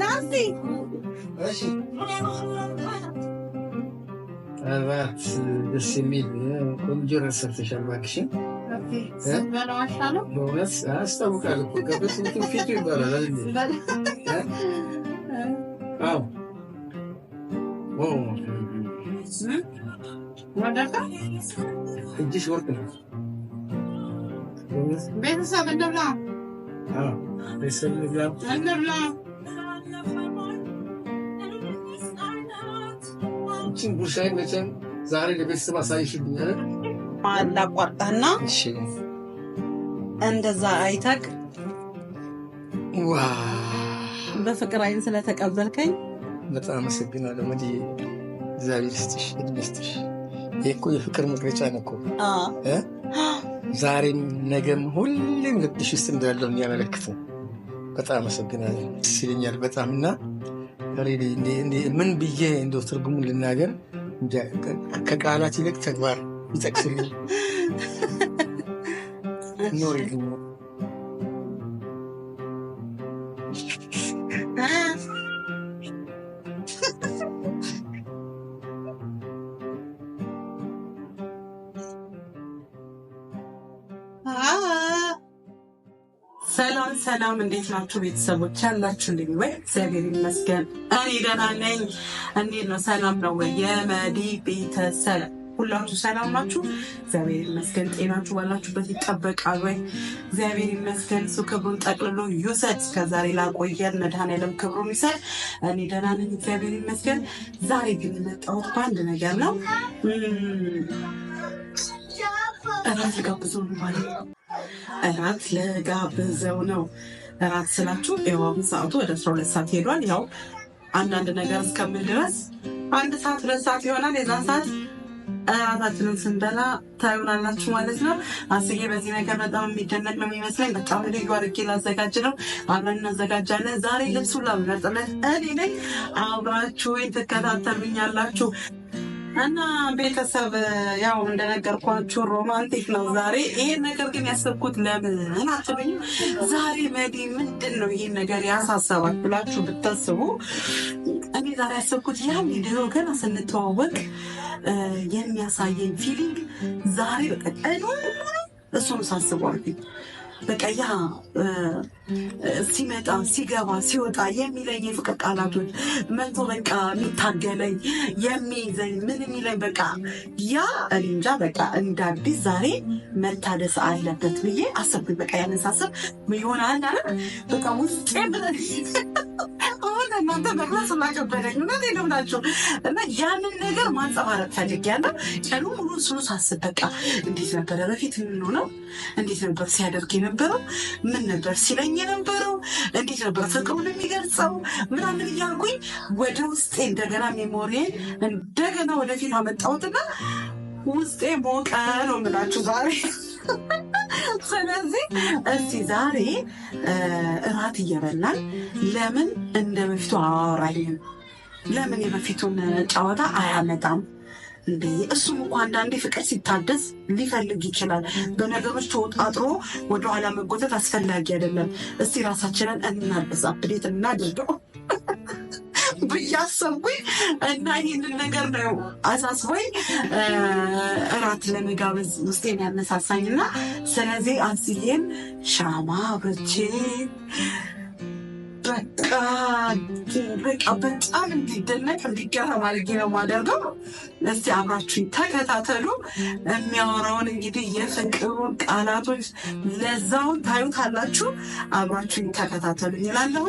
ናንስዬ ናንሲ እባት ደስ የሚል ቆንጆ ረሰርተሻል። እባክሽ በእውነት አስታውቃል እኮ ገበት እንትን ፊቱ ይባላል። እጅሽ ወርቅ ነው ቤተሰብ እንደብላ ይህቺን ጉርሻይ መቼም ዛሬ ለቤተሰብ አሳይሽብኛል። አላቋርጣና እንደዛ አይተቅ በፍቅር አይን ስለተቀበልከኝ በጣም አመሰግናለሁ። እግዚአብሔር ይስጥሽ፣ እድሜ ይስጥሽ። ይህ እኮ የፍቅር መግለጫ ነው እኮ ዛሬም ነገም ሁሌም ልብሽ ውስጥ እንዳለው የሚያመለክት በጣም አመሰግናለሁ። ደስ ይለኛል በጣም እና ምን ብዬ እንደ ትርጉሙን ልናገር ከቃላት ይልቅ ተግባር ይጠቅስልኝ ኖር እንዴት ናችሁ ቤተሰቦች? ያላችሁልኝ ወይ? እግዚአብሔር ይመስገን እኔ ደህና ነኝ። እንዴት ነው ሰላም ነው ወይ? የመዲ ቤተሰብ ሁላችሁ ሰላም ናችሁ? እግዚአብሔር ይመስገን። ጤናችሁ ባላችሁበት ይጠበቃል ወይ? እግዚአብሔር ይመስገን። እሱ ክብሩን ጠቅልሎ ይውሰድ። ከዛሬ ላቆየን መድኃኔዓለም ክብሩን ይውሰድ። እኔ ደህና ነኝ፣ እግዚአብሔር ይመስገን። ዛሬ ግን የመጣሁት በአንድ ነገር ነው። እራት ልጋብዘው ነው ማለት ነው። እራት ልጋብዘው ነው እራት ስላችሁ ያው ሰዓቱ ወደ አስራ ሁለት ሰዓት ሄዷል። ያው አንዳንድ ነገር እስከምል ድረስ አንድ ሰዓት ሁለት ሰዓት ይሆናል። የዛን ሰዓት እራታችንን ስንበላ ታዩናላችሁ ማለት ነው። አስዬ በዚህ ነገር በጣም የሚደነቅ ነው የሚመስለኝ። በጣም ልዩ አድርጌ ላዘጋጅ ነው። አብረን እናዘጋጃለን። ዛሬ ልብሱ ላመርጥለት እኔ ነኝ። አብራችሁ ትከታተሉኛላችሁ። እና ቤተሰብ ያው እንደነገርኳችሁ ሮማንቲክ ነው ዛሬ። ይሄን ነገር ግን ያሰብኩት ለምን አትሉኝ? ዛሬ መዲ ምንድን ነው ይሄን ነገር ያሳሰባል ብላችሁ ብታስቡ፣ እኔ ዛሬ ያሰብኩት ያን ድሮ ገና ስንተዋወቅ የሚያሳየኝ ፊሊንግ ዛሬ በቀን እሱም ሳስቧል በቃ ያ ሲመጣ ሲገባ ሲወጣ የሚለኝ የፍቅር ቃላቶች መቶ በቃ የሚታገለኝ የሚይዘኝ ምን የሚለኝ በቃ ያ እንጃ በቃ እንደ አዲስ ዛሬ መታደስ አለበት ብዬ አሰብኩኝ። በቃ ያነሳሰብ የሆነ አንድ በቃ ውስጤ ብለ እናንተ መግለጽ እናከበደኝ እውነት የለም ናቸው እና ያንን ነገር ማንጸባረቅ ፈልግ ያለ ቀኑ ሙሉ ስሉ ሳስብ በቃ እንዴት ነበረ በፊት ነው እንዴት ነበር ሲያደርግ የነበረው፣ ምን ነበር ሲለኝ የነበረው፣ እንዴት ነበር ፍቅሩን የሚገልጸው ምናምን እያልኩኝ ወደ ውስጤ እንደገና ሜሞሪዬን እንደገና ወደፊት አመጣሁትና ውስጤ ሞቀ ነው የምላችሁ ዛሬ ስለዚህ እስቲ ዛሬ እራት እየበላን ለምን እንደ በፊቱ አያወራኝም? ለምን የበፊቱን ጨዋታ አያመጣም? እንዴ እሱም እኮ አንዳንዴ ፍቅር ሲታደስ ሊፈልግ ይችላል። በነገሮች ተወጣጥሮ ወደኋላ መጎተት አስፈላጊ አይደለም። እስቲ ራሳችንን እናድስ፣ አፕዴት እናድርገው። ብያሰብኩኝ እና ይህንን ነገር ነው አሳስቦኝ እራት ለመጋበዝ ውስጤን ያነሳሳኝ እና ስለዚህ አንስዬን ሻማ አብርቼ በቃ በጣም እንዲደነቅ እንዲገረም አድርጌ ነው የማደርገው። እስቲ አብራችሁ ተከታተሉ። የሚያወራውን እንግዲህ የፍቅሩን ቃላቶች ለዛውን ታዩታላችሁ። አብራችሁ ተከታተሉ ይላለሁ።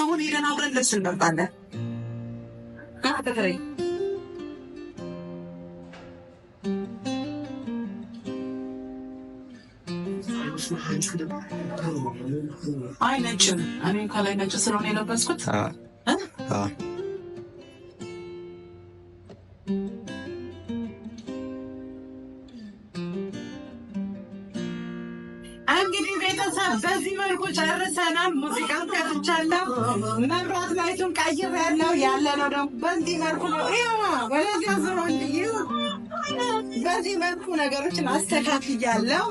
አሁን ሄደን አብረን ልብስ እንመርጣለን። አይ ነጭም እኔ ከላይ ነጭ ስለሆነ የለበስኩት ቤተሰብ በዚህ መልኩ ጨርሰናል። ሙዚቃ ከፍቻለሁ፣ መብራት ላይቱን ቀይሬያለሁ። ያለነው ደግሞ በዚህ መልኩ ነው። በዚህ መልኩ ነገሮችን አስተካክያለሁ።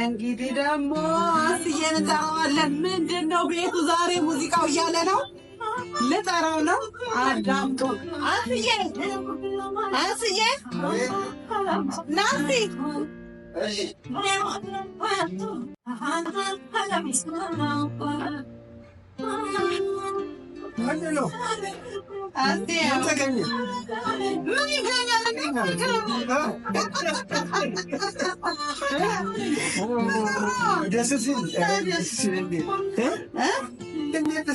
እንግዲህ ደግሞ አስዬን እንጠራዋለን። ምንድን ነው ቤቱ ዛሬ ሙዚቃው እያለ ነው። ልጠራው ነው። አዳምጦ አስዬ አስዬ ናሲ ምንድነው? ደስ ሲል እንዴት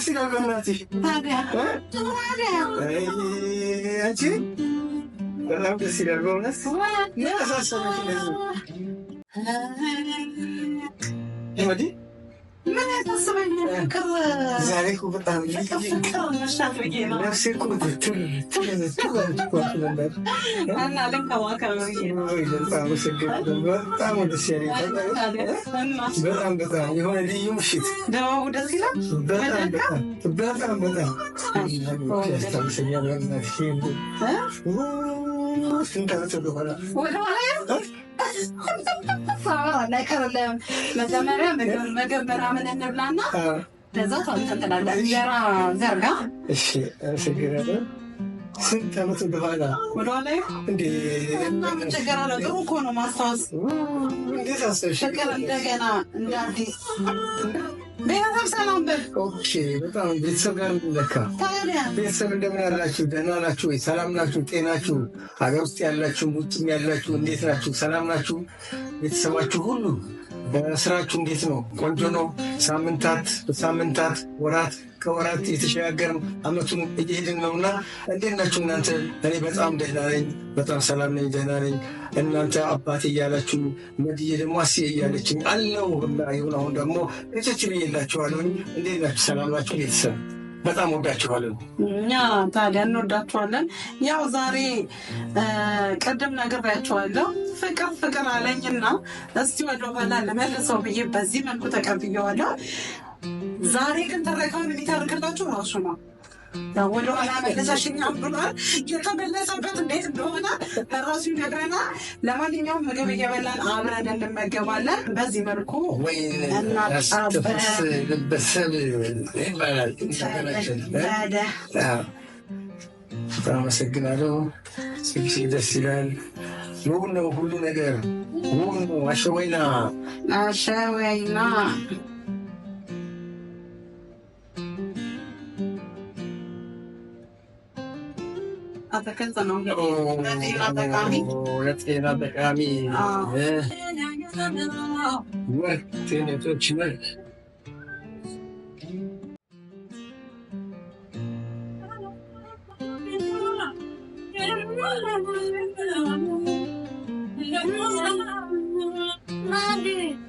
በጣም በጣም የሆነ ልዩ በጣም በጣም በጣም ነከርለም መጀመሪያ ምግብ ምናምን እንብላና ከዛ ታንተንትላለ እንጀራ ዘርጋ እሺ ስንት ዓመት ወደኋላ ወደኋላ ችግር አለው። ጥሩ እኮ ነው ማስታወስ። እንዴት አሰብሽ? ፍቅር እንደገና እንደ አዲስ ቤተሰብ ሰላም በል። ኦኬ፣ በጣም ቤተሰብ ጋር ለካ ቤተሰብ እንደምን ያላችሁ? ደህና ናችሁ ወይ? ሰላም ናችሁ? ጤናችሁ? ሀገር ውስጥ ያላችሁ ውጭም ያላችሁ እንዴት ናችሁ? ሰላም ናችሁ? ቤተሰባችሁ ሁሉ ስራችሁ እንዴት ነው? ቆንጆ ነው። ሳምንታት በሳምንታት ወራት ከወራት የተሸጋገርን አመቱን እየሄድን ነውና እንዴት ናችሁ እናንተ? እኔ በጣም ደህና ነኝ፣ በጣም ሰላም ነኝ፣ ደህና ነኝ። እናንተ አባቴ እያላችሁ መድዬ ደግሞ አስ እያለችኝ አለው ይሁን። አሁን ደግሞ ቤቶችን እየላችኋለሁኝ። እንዴት ናችሁ? ሰላም ናችሁ ቤተሰብ በጣም ወዳችኋለን። እኛ ታዲያ እንወዳችኋለን። ያው ዛሬ ቅድም ነግሬያችኋለሁ፣ ፍቅር ፍቅር አለኝና እስቲ ወደ ኋላ ለመልሰው ብዬ በዚህ መልኩ ተቀብዬዋለሁ። ዛሬ ግን ተረካውን የሚተርክላችሁ ራሱ ነው። ወደኋላ መለሳሽኛ ብሏ የተመለሰበት እንዴት እንደሆነ ራሱ ይነግረና። ለማንኛውም ምግብ እየበላን አብረን እንመገባለን። በዚህ መልኩ አመሰግናለሁ። ስጊሴ ደስ ይላል። ውብ ነው ሁሉ ነገር ውብ ነው። አሸወይና አሸወይና oh, Let's get Hinata Kami. Mother.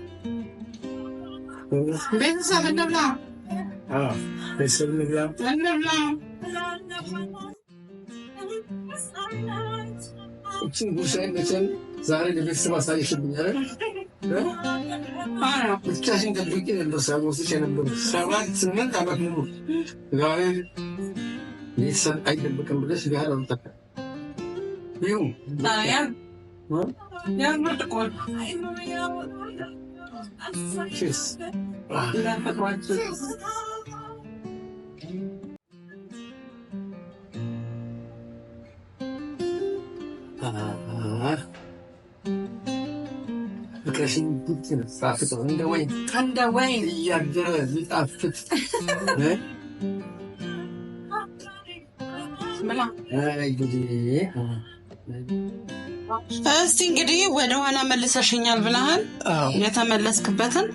Beso sa Ah, oh, beso sa random bu sen geçen zahre gibi sıma sayışı bu yere. Ara, bu çaşın da bir kere nasıl olsun senin bu. Sarvan çınlar da bak bu. Zahre, nisan aydın bakın bile sigar alın takı. Yung. Tschüss. Vielen Dank, mein Freund. Tschüss. በቀሽንት ሳፍጥ እንደ ወይን እንደ ወይን እያደረ ሊጣፍጥ እንግዲህ እስቲ እንግዲህ ወደ ኋላ መልሰሽኛል ብለሃል። የተመለስክበትን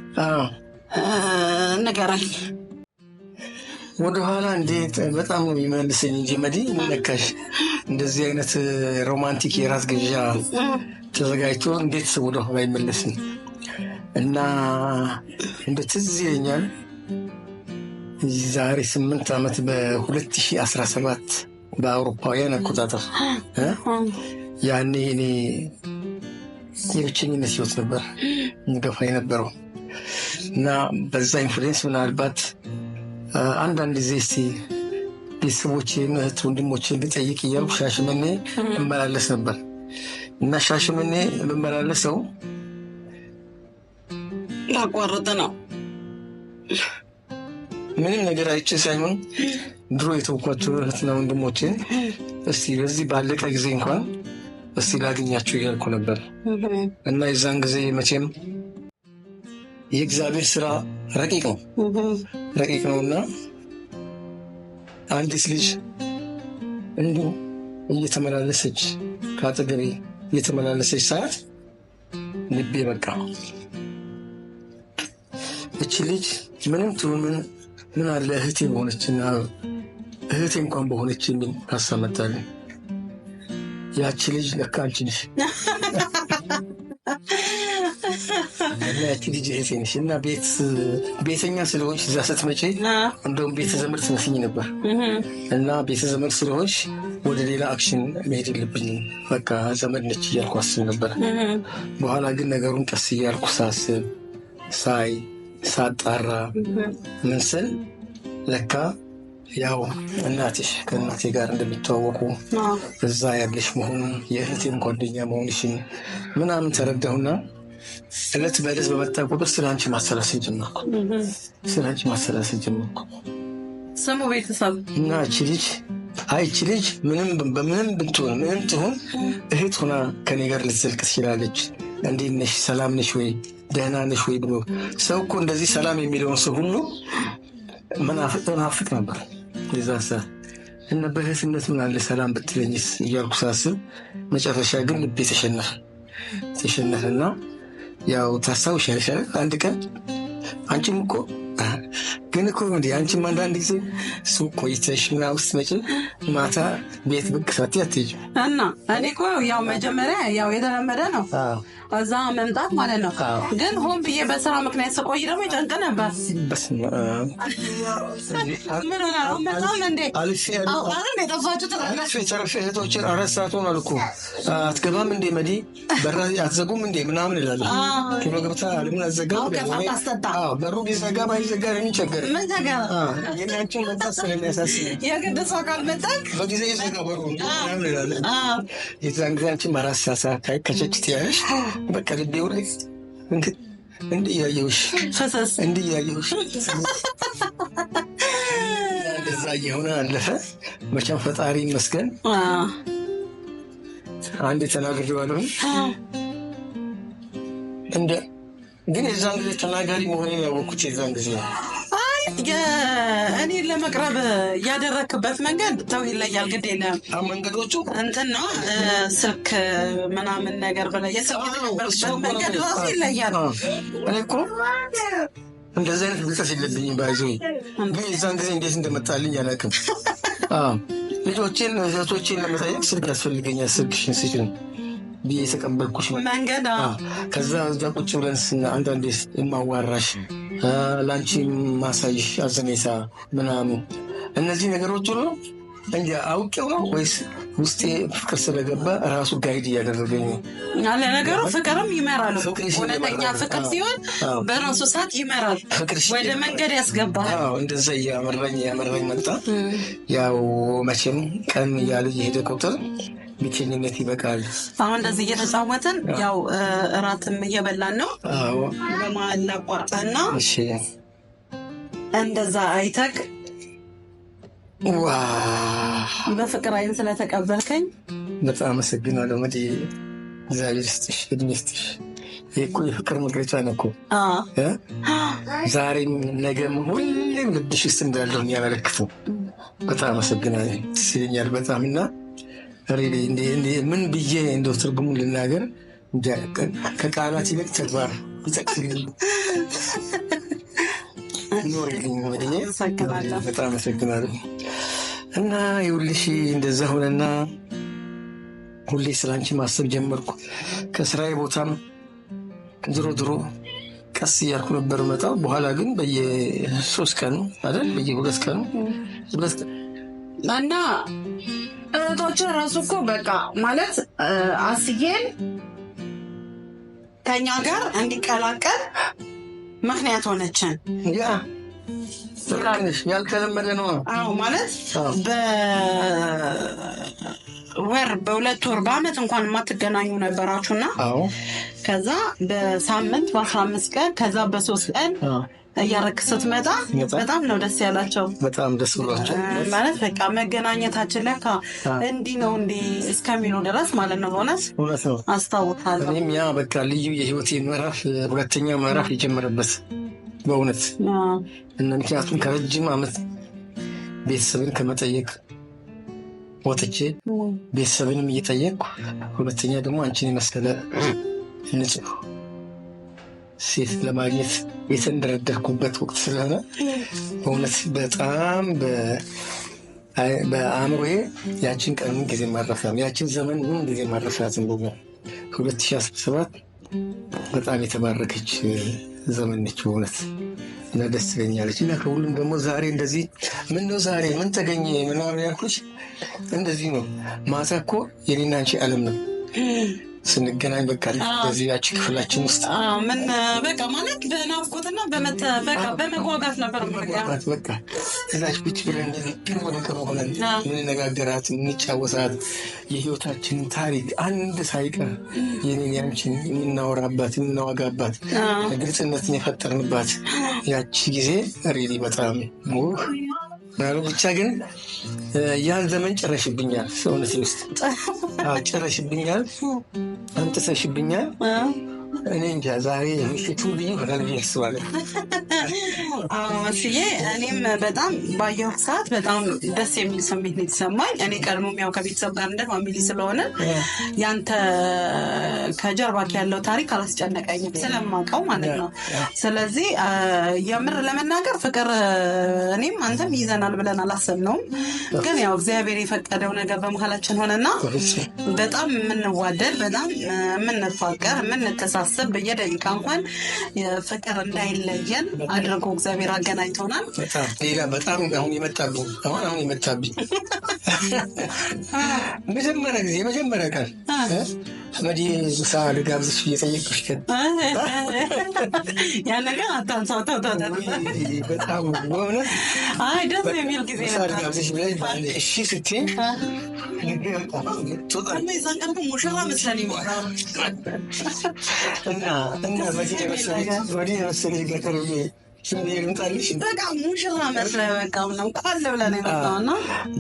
ንገረኝ። ወደ ኋላ እንዴት በጣም ነው እንጂ መዲ ነካሽ እንደዚህ አይነት ሮማንቲክ የራስ ግዣ ተዘጋጅቶ እንዴት ወደ ኋላ ይመለስኝ እና እንደ ትዝ ይለኛል ዛሬ ስምንት ዓመት በ2017 በአውሮፓውያን አቆጣጠር ያኔ እኔ የብቸኝነት ህይወት ነበር ገፋ የነበረው እና በዛ ኢንፍሉዌንስ ምናልባት አንዳንድ ጊዜ ስ ቤተሰቦች እህት ወንድሞች ልጠይቅ እያልኩ ሻሽመኔ እመላለስ ነበር እና ሻሽመኔ የምመላለሰው ላቋረጠ ነው። ምንም ነገር አይቼ ሳይሆን ድሮ የተውኳቸው እህትና ወንድሞችን እስቲ በዚህ ባለቀ ጊዜ እንኳን እስቲ ላግኛችሁ እያልኩ ነበር እና የዛን ጊዜ መቼም የእግዚአብሔር ስራ ረቂቅ ነው ረቂቅ ነው እና አንዲት ልጅ እንዲ እየተመላለሰች ከአጠገቤ እየተመላለሰች ሰዓት ልቤ በቃ እቺ ልጅ ምንም ትሁን ምን ምን አለ እህቴ በሆነች እህቴ እንኳን በሆነች የሚል ታሳመጣለን ያቺ ልጅ ለካ አንቺ ነሽ እና ያቺ ልጅ እህቴ ነሽ እና ቤተኛ ስለሆንሽ እዛ ስትመጪ እንደውም ቤተ ዘመድ ትመስኝ ነበር እና ቤተ ዘመድ ስለሆንሽ ወደ ሌላ አክሽን መሄድ የለብኝም በቃ ዘመድ ነች እያልኩ አስብ ነበር። በኋላ ግን ነገሩን ቀስ እያልኩ ሳስብ ሳይ ሳጣራ ምን ስል ለካ ያው እናትሽ ከእናቴ ጋር እንደሚተዋወቁ እዛ ያለሽ መሆኑን የእህቴም ጓደኛ መሆንሽን ምናምን ተረዳሁና እለት በእለት በመጣ ቁጥር ስለ አንቺ ማሰላሰል ጀመርኩ። ስለ አንቺ ማሰላሰል ጀመርኩ። ስሙ ቤተሰብ እና እቺ ልጅ አይቺ ልጅ በምንም ብትሆን ምንም ትሆን እህት ሆና ከኔ ጋር ልትዘልቅ ትችላለች። እንዴት ነሽ? ሰላም ነሽ ወይ? ደህና ነሽ ወይ ብሎ ሰው እኮ እንደዚህ ሰላም የሚለውን ሰው ሁሉ መናፍቅ ነበር። ይዛሳ እና በህስነት ምን አለ ሰላም ብትለኝስ እያልኩ ሳስብ መጨረሻ ግን ልቤ ተሸነፈ ተሸነፈና ያው ታስታውሻለሽ አንድ ቀን አንቺም እኮ ግን እኮ እንዲ አንቺም አንዳንድ ጊዜ እሱ ቆይተሽ ና ውስጥ መጭ ማታ ቤት ብቅ ሳትይ አትሄጂም እና እኔ እኮ ያው መጀመሪያ ያው የተለመደ ነው እዛ መምጣት ማለት ነው። ግን ሆን ብዬ በስራ ምክንያት ስቆይ ደግሞ ይጨንቅ ነበር። ምን ሆናለሁ መጣም ሆኗል እኮ አትገባም እንዴ መዲ በራ አትዘጉም እንዴ ምናምን ይላል። ኪሎ ገብታ ለምን አትዘጋም? በሩ ቢዘጋ ባይዘጋ የሚቸገር የሚያችን መጣት የግድ ሰው ካልመጣ በጊዜ ይዘጋ በሩ ምናምን ይላል። የዛን ጊዜ አንቺም አራት ሰዓት ከቸችት ያለሽ በቃ ግዴው ላይ እንድያየውሽ ፈሰስ እንድያየውሽ እያየሁሽ እየሆነ አለፈ። መቼም ፈጣሪ ይመስገን። አንድ ተናግሬዋለሁ። እንደ ግን የዛን ጊዜ ተናጋሪ መሆኔን ያወቅኩት የዛን ጊዜ እኔን ለመቅረብ ያደረክበት መንገድ ተው ይለያል። ግድ የለም መንገዶቹ እንትን ነው ስልክ ምናምን ነገር ብለህ የሰው መንገድ ራሱ ይለያል እኮ እንደዚህ አይነት ብልጠት የለብኝም። ባይዞ እዛን ጊዜ እንዴት እንደመጣልኝ አላውቅም። ልጆቼን እህቶቼን ለመታየቅ ስልክ ያስፈልገኛል። ስልክ ስችል የተቀበልኩሽ መንገድ ከዛ እዛ ቁጭ ብለን አንዳንዴ የማዋራሽ ለአንቺ ማሳይሽ አዘኔታ ምናምን እነዚህ ነገሮች ሁሉ እንጂ አውቄው ነው ወይስ ውስጤ ፍቅር ስለገባ ራሱ ጋይድ እያደረገኝ ነው። ነገሩ ፍቅርም ይመራል። እውነተኛ ፍቅር ሲሆን በራሱ ሰዓት ይመራል፣ ወደ መንገድ ያስገባል። እንደዛ እያመራኝ እያመራኝ መጣ። ያው መቼም ቀን እያለ የሄደ ቁጥር ብቸኝነት ይበቃል። አሁን እንደዚህ እየተጫወትን ያው እራትም እየበላን ነው። በመሀል ላቋርጠህና እንደዛ አይተክ በፍቅር አይን ስለተቀበልከኝ በጣም አመሰግናለሁ። መዲ እግዚአብሔር ስጥሽ፣ እድሜ ስጥሽ። ይህ የፍቅር መግለጫ ነው እኮ ዛሬም፣ ነገም፣ ሁሌም ልብሽ ውስጥ እንዳለሁ የሚያመለክተው በጣም አመሰግናለሁ። ደስ በጣም እና ምን ብዬ እንደው ትርጉሙን ልናገር ከቃላት ይልቅ ተግባር ይጠቅስልበጣም በጣም አመሰግናለሁ እና ይኸውልሽ እንደዛ ሆነና ሁሌ ስላንቺ ማሰብ ጀመርኩ። ከስራዬ ቦታም ድሮ ድሮ ቀስ እያልኩ ነበር መጣው። በኋላ ግን በየሶስት ቀኑ አይደል በየሁለት ቀኑ እና እህቶችን ራሱ እኮ በቃ ማለት አስዬን ከኛ ጋር እንዲቀላቀል ምክንያት ሆነችን። ያልተለመደ ነው። አዎ ማለት በወር በሁለት ወር በአመት እንኳን የማትገናኙ ነበራችሁና ከዛ በሳምንት በአስራ አምስት ቀን ከዛ በሶስት ቀን እያረክ ስትመጣ በጣም ነው ደስ ያላቸው። በጣም ደስ ብሏቸው ማለት በቃ መገናኘታችን ለካ እንዲህ ነው እንዲ እስከሚሉ ድረስ ማለት ነው። በእውነት እውነት ነው አስታውታል። እኔም ያ በቃ ልዩ የህይወት ምዕራፍ ሁለተኛ ምዕራፍ የጀመረበት በእውነት እና ምክንያቱም ከረጅም ዓመት ቤተሰብን ከመጠየቅ ወጥቼ ቤተሰብንም እየጠየቅኩ ሁለተኛ ደግሞ አንቺን የመሰለ ንጹህ ሴት ለማግኘት የተንደረደርኩበት ወቅት ስለሆነ በእውነት በጣም በአእምሮዬ ያችን ቀን ጊዜ ማረፊያም ያችን ዘመን ምን ጊዜ ማረፊያትን ቦ 2017 በጣም የተባረከች ዘመን ነች በእውነት እና ደስ ትለኛለች። እና ከሁሉም ደግሞ ዛሬ እንደዚህ ምን ነው ዛሬ ምን ተገኘ ምናምን ያልኩች እንደዚህ ነው። ማታ እኮ የኔና አንቺ ዓለም ነው ስንገናኝ በቃ በዚህ ያቺ ክፍላችን ውስጥ ምን በቃ ማለት በናፍቆትና በመጓጋት ነበር። በቃ እዛች ቁጭ ብለን ነገር ሆነን የምንነጋገራት የምንጫወሳት የህይወታችንን ታሪክ አንድ ሳይቀር የኔን ያንችን የምናወራባት የምናዋጋባት ግልጽነትን የፈጠርንባት ያቺ ጊዜ ሪሊ በጣም ውህ ያሉ ብቻ ግን ያን ዘመን ጨረሽብኛል። ሰውነት ውስጥ ጨረሽብኛል፣ አንጥሰሽብኛል። እኔ እንጃ ዛሬ ምሽቱ ልዩ ሆናል ብዬ አስባለሁ። ስዬ እኔም በጣም ባየሁት ሰዓት በጣም ደስ የሚል ስሜት ነው የተሰማኝ። እኔ ቀድሞም ያው ከቤተሰብ ጋር እንደ ፋሚሊ ስለሆነ ያንተ ከጀርባ ያለው ታሪክ አላስጨነቀኝም ስለማውቀው ማለት ነው። ስለዚህ የምር ለመናገር ፍቅር እኔም አንተም ይዘናል ብለን አላሰብነውም፣ ግን ያው እግዚአብሔር የፈቀደው ነገር በመሀላችን ሆነና በጣም የምንዋደድ በጣም የምንፋቀር የምንተሳሰብ በየደቂቃ እንኳን ፍቅር እንዳይለየን አድርጎ እግዚአብሔር አገናኝቶናል። በጣም ሌላ በጣም አሁን የመጣብኝ አሁን አሁን የመጣብኝ መጀመሪያ ጊዜ የመጀመሪያ ቀን መዲ ሳ ልጋብዝሽ እየጠየቅሽ ግን ያ ነገር አታንሳው በጣም በእውነት አይ ደስ የሚል ጊዜ ልጋብዝሽ ብለሽ እሺ ስትይ ሙሽራ መስለን ይሞራል እና እና መዲ መሰለኝ ገጠር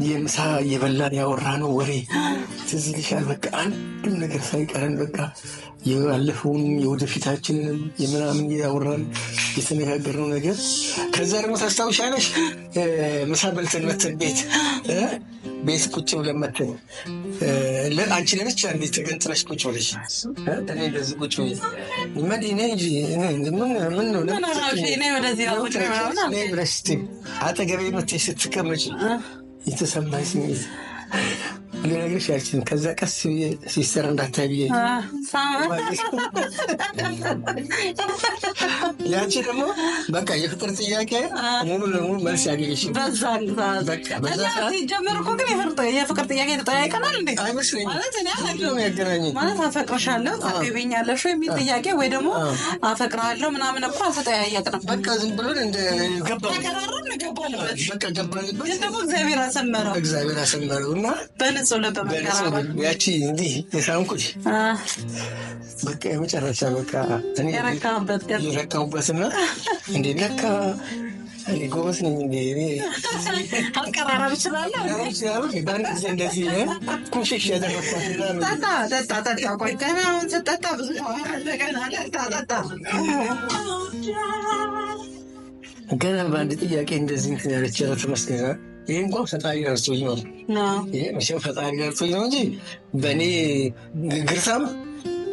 የምሳ የበላን ያወራ ነው ወሬ ትዝ ይልሻል። በቃ አንድም ነገር ሳይቀረን በቃ ያለፈውን የወደፊታችንንም የምናምን ያወራን የተነጋገርነው ነገር ከዛ ደግሞ ታስታውሻለሽ ምሳ በልተን መተን ቤት ቤት ቁጭ ብለን መተን አንቺ ነች አንዴ ተገንጥለሽ ቁጭ ብለሽ እኔ እንደዚህ ቁጭ ብዬሽ መዲ እኔ እንጂ ምን ነው ብለሽ አጠገቤ መተሽ ስትቀመጭ የተሰማኝ ስሜት ልነግርሽ ያልችልም። ከዛ ቀስ ብዬ ሲሰራ እንዳታይ ያቺ ደግሞ በቃ የፍቅር ጥያቄ ሙሉ ለሙሉ መልስ ያገኘሽ ጀመር እኮ ግን የፍቅር ጥያቄ ተጠያይቀናል እንዴ? አይመስለኝም። ያገናኘኝ ማለት አፈቅርሻለሁ ታገቢኛለሽ የሚል ጥያቄ ወይ ደግሞ አፈቅርሃለሁ ምናምን እኮ አልተጠያየቅንም። በቃ ዝም ብሎን እንደ ገባ ገባ ደግሞ እግዚአብሔር አሰመረው እግዚአብሔር አሰመረው እና በግልጽ ያቺ እንዲህ የሳምኩሽ በቃ የመጨረሻ በቃ የረካሁበትና እንደ ለካ ጎበዝ ነኝ እንደ አቀራረብ እችላለሁ ገና በአንድ ጥያቄ እንደዚህ እንትን ያለች ተመስገና ይህ እንኳን ፈጣሪ ረድቶኝ ነው። ይህ ፈጣሪ ረድቶኝ ነው እንጂ በእኔ ግርታም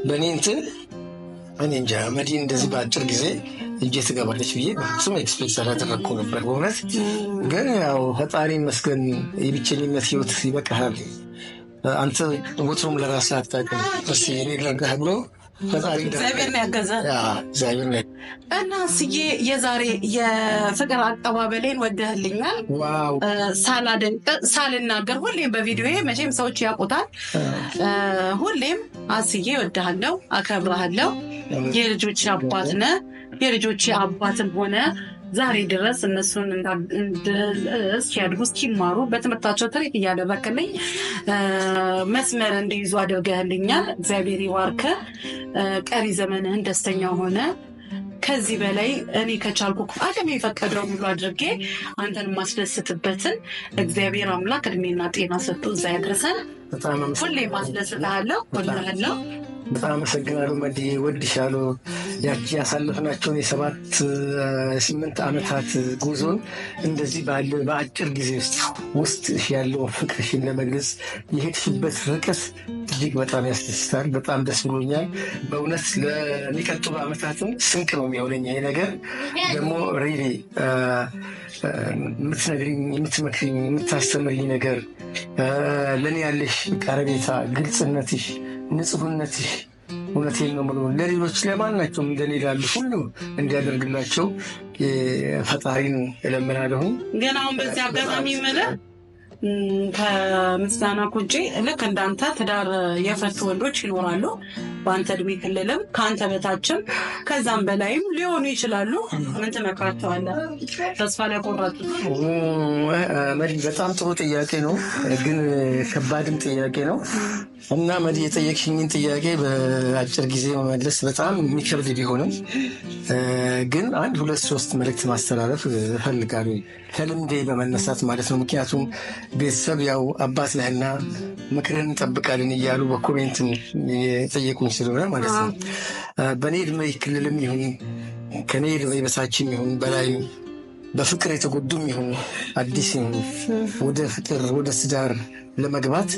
በእኔ እንትን እኔ እንጃ መዲን እንደዚህ በአጭር ጊዜ እጄ ትገባለች ብዬ በፍጹም ኤክስፔክት አላደረግኩ ነበር። በእውነት ግን ያው ፈጣሪ ይመስገን። የብቸኝነት ህይወት ይበቃሃል፣ አንተ ወትሮም ለራስህ አታውቅም፣ እኔ ላድርግህ ብሎ እና ስዬ የዛሬ የፍቅር አቀባበሌን ወደህልኛል። ሳልናገር ሁሌም በቪዲዮ መቼም ሰዎች ያውቁታል። ሁሌም አስዬ ወድሃለው፣ አከብረሃለው። የልጆች አባት የልጆች አባትም ሆነ ዛሬ ድረስ እነሱን ድረስ ሲያድጉ ሲማሩ በትምህርታቸው ትሬት እያደረክልኝ መስመር እንዲይዙ አድርገህልኛል። እግዚአብሔር ይባርክ። ቀሪ ዘመንህን ደስተኛ ሆነ። ከዚህ በላይ እኔ ከቻልኩ አቅም የፈቀደው ሙሉ አድርጌ አንተን የማስደስትበትን እግዚአብሔር አምላክ እድሜና ጤና ሰጥቶ እዛ ያድርሰን። ሁሌ ማስደስታለሁ። ሁለለው በጣም አመሰግናለሁ መዲ ወድሻለሁ። ያቺ ያሳለፍናቸውን የሰባት ስምንት ዓመታት ጉዞን እንደዚህ ባለ በአጭር ጊዜ ውስጥ ውስጥ ያለውን ፍቅርሽን ለመግለጽ የሄድሽበት ርቀት እጅግ በጣም ያስደስታል። በጣም ደስ ብሎኛል። በእውነት ለሚቀጥሉ ዓመታትም ስንቅ ነው የሚሆነኝ ይሄ ነገር ደግሞ ሬሌ የምትነግሪኝ፣ የምትመክሪኝ፣ የምታስተምርኝ ነገር ለእኔ ያለሽ ቀረቤታ ግልጽነትሽ ንጹህነት እውነቴን ነው ምለ ለሌሎች ለማናቸውም እንደኔ ላሉ ሁሉ እንዲያደርግላቸው ፈጣሪን እለምናለሁ። ግን አሁን በዚህ አጋጣሚ የምልህ ከምስጋና ቁጭ ልክ እንዳንተ ትዳር የፈቱ ወንዶች ይኖራሉ። በአንተ እድሜ ክልልም ከአንተ በታችም ከዛም በላይም ሊሆኑ ይችላሉ። ምን ትመክራቸዋለህ? ተስፋ ለቆረጡ። በጣም ጥሩ ጥያቄ ነው፣ ግን ከባድም ጥያቄ ነው። እና የጠየቅሽኝን ጥያቄ በአጭር ጊዜ መመለስ በጣም የሚከብድ ቢሆንም ግን አንድ ሁለት ሶስት መልእክት ማስተላለፍ እፈልጋለሁ ከልምዴ በመነሳት ማለት ነው። ምክንያቱም ቤተሰብ ያው አባት ነህና ምክርን እንጠብቃለን እያሉ በኮሜንት የጠየቁኝ ስለሆነ ማለት ነው። በእኔ ዕድሜ ክልልም ይሁን ከእኔ ዕድሜ በታችም ይሁን በላይ በፍቅር የተጎዱም ይሁን አዲስ ይሁን ወደ ፍቅር ወደ ስዳር ለመግባት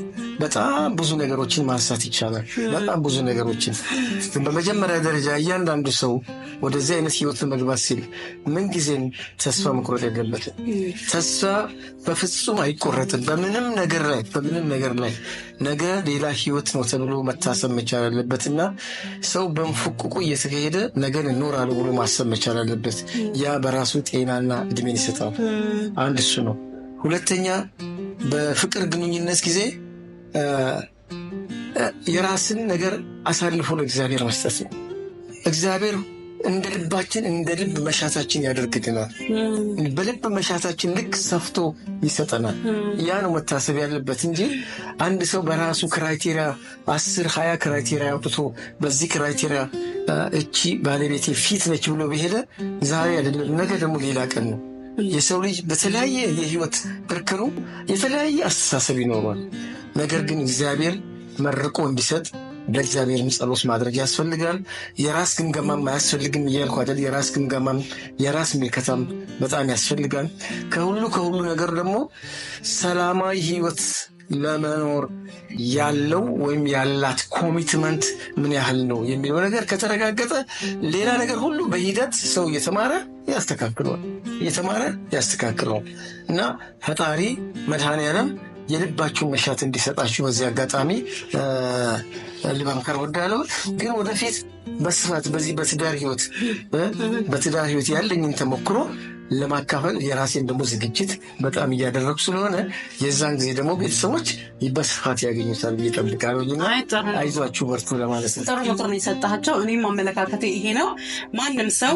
በጣም ብዙ ነገሮችን ማንሳት ይቻላል። በጣም ብዙ ነገሮችን በመጀመሪያ ደረጃ እያንዳንዱ ሰው ወደዚህ አይነት ህይወት ለመግባት ሲል ምንጊዜም ተስፋ መቁረጥ የለበትም። ተስፋ በፍጹም አይቆረጥም። በምንም ነገር ላይ በምንም ነገር ላይ ነገ ሌላ ህይወት ነው ተብሎ መታሰብ መቻል አለበት እና ሰው በንፉቁቁ እየተካሄደ ነገን እኖራለሁ ብሎ ማሰብ መቻል አለበት። ያ በራሱ ጤናና እድሜን ይሰጣል። አንድ እሱ ነው። ሁለተኛ በፍቅር ግንኙነት ጊዜ የራስን ነገር አሳልፎ ለእግዚአብሔር መስጠት ነው። እግዚአብሔር እንደ ልባችን እንደ ልብ መሻታችን ያደርግልናል። በልብ መሻታችን ልክ ሰፍቶ ይሰጠናል። ያ ነው መታሰብ ያለበት እንጂ አንድ ሰው በራሱ ክራይቴሪያ አስር ሀያ ክራይቴሪያ አውጥቶ በዚህ ክራይቴሪያ እቺ ባለቤቴ ፊት ነች ብሎ በሄደ ዛሬ አይደለም ነገ ደግሞ ሌላ ቀን ነው። የሰው ልጅ በተለያየ የህይወት ክርክሩ የተለያየ አስተሳሰብ ይኖረዋል። ነገር ግን እግዚአብሔር መርቆ እንዲሰጥ በእግዚአብሔርም ጸሎት ማድረግ ያስፈልጋል። የራስ ግምገማም አያስፈልግም እያልኩ አይደል። የራስ ግምገማም የራስ ምልከታም በጣም ያስፈልጋል። ከሁሉ ከሁሉ ነገር ደግሞ ሰላማዊ ህይወት ለመኖር ያለው ወይም ያላት ኮሚትመንት ምን ያህል ነው የሚለው ነገር ከተረጋገጠ ሌላ ነገር ሁሉ በሂደት ሰው እየተማረ ያስተካክለዋል፣ እየተማረ ያስተካክለዋል። እና ፈጣሪ መድኃኔዓለም የልባችሁን መሻት እንዲሰጣችሁ በዚህ አጋጣሚ ልመምከር ወዳለው ግን ወደፊት በስፋት በዚህ በትዳር ህይወት በትዳር ህይወት ያለኝን ተሞክሮ ለማካፈል የራሴን ደግሞ ዝግጅት በጣም እያደረጉ ስለሆነ የዛን ጊዜ ደግሞ ቤተሰቦች በስፋት ያገኙታል ብዬ እጠብቃለሁ። አይዟችሁ በርቱ ለማለት ነው። ጥሩ ጥሩ ነው የሰጣቸው። እኔም አመለካከቴ ይሄ ነው። ማንም ሰው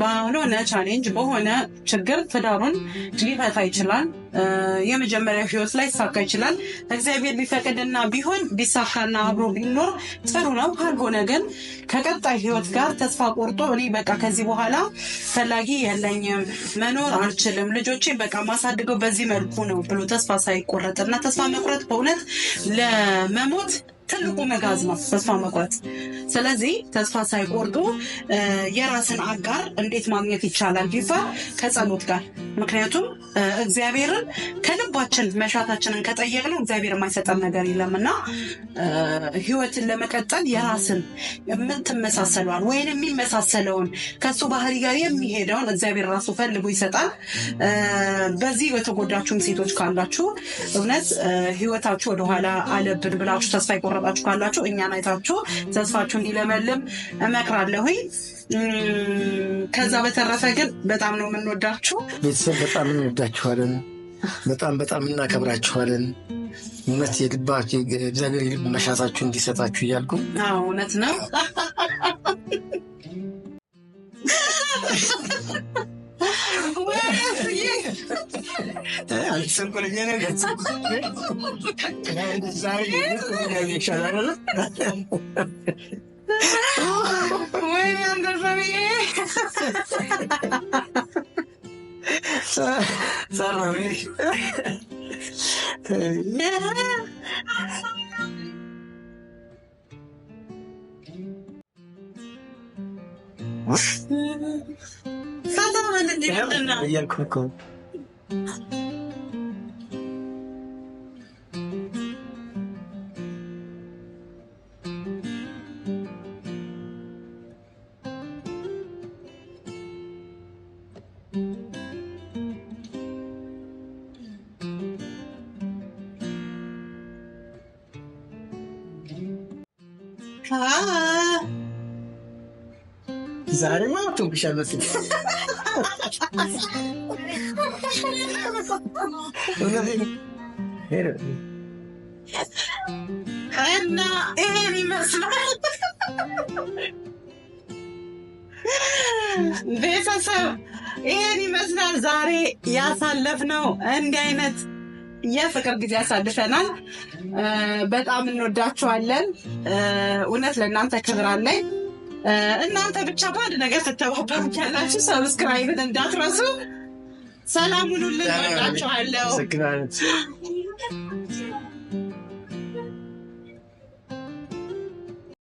በሆነ ቻሌንጅ በሆነ ችግር ትዳሩን ሊፈታ ይችላል። የመጀመሪያ ህይወት ላይ ሳካ ይችላል። እግዚአብሔር ቢፈቅድና ቢሆን ቢሳካና አብሮ ቢኖር ጥሩ ነው። ካልሆነ ግን ከቀጣይ ህይወት ጋር ተስፋ ቆርጦ እኔ በቃ ከዚህ በኋላ ፈላጊ የለኝም መኖር አልችልም፣ ልጆቼ በቃ ማሳድገው በዚህ መልኩ ነው ብሎ ተስፋ እና ተስፋ መቁረጥ በእውነት ለመሞት ትልቁ መጋዝ ነው ተስፋ መቁረጥ። ስለዚህ ተስፋ ሳይቆርጡ የራስን አጋር እንዴት ማግኘት ይቻላል ቢባል ከጸሎት ጋር። ምክንያቱም እግዚአብሔርን ከልባችን መሻታችንን ከጠየቅነው እግዚአብሔር የማይሰጠን ነገር የለም እና ህይወትን ለመቀጠል የራስን የምትመሳሰለዋል ወይም የሚመሳሰለውን ከሱ ባህሪ ጋር የሚሄደውን እግዚአብሔር ራሱ ፈልጎ ይሰጣል። በዚህ የተጎዳችሁም ሴቶች ካላችሁ እውነት ህይወታችሁ ወደኋላ አለብን ብላችሁ ተስፋ ይቆረ ያልተመረጣችሁ ካላችሁ እኛን አይታችሁ ተስፋችሁ እንዲለመልም እመክራለሁኝ። ከዛ በተረፈ ግን በጣም ነው የምንወዳችሁ ቤተሰብ፣ በጣም እንወዳችኋለን። በጣም በጣም እናከብራችኋለን። እውነት የልባችሁ እግዚአብሔር የልብ መሻታችሁ እንዲሰጣችሁ እያልኩ እውነት ነው። Alsın kulübüne gelsin kulübüne. Kılavuzlar gibi kulübüne yaşarlar. Buyurun da tabii. Sarma bir. Sadece ben de değilim. Ya korkum. Ah! Zare mi yaptın bu şerbeti? እና ይሄን ይመስላል ቤተሰብ፣ ይሄን ይመስላል ዛሬ ያሳለፍነው። እንዲህ አይነት የፍቅር ጊዜ ያሳልፈናል። በጣም እንወዳችኋለን። እውነት ለእናንተ ክብር አለኝ። እናንተ ብቻ በአንድ ነገር ትተባበሩ ያላችሁ ሰብስክራይብን እንዳትረሱ። ሰላም ሁኑልን። ወዳችኋለሁ።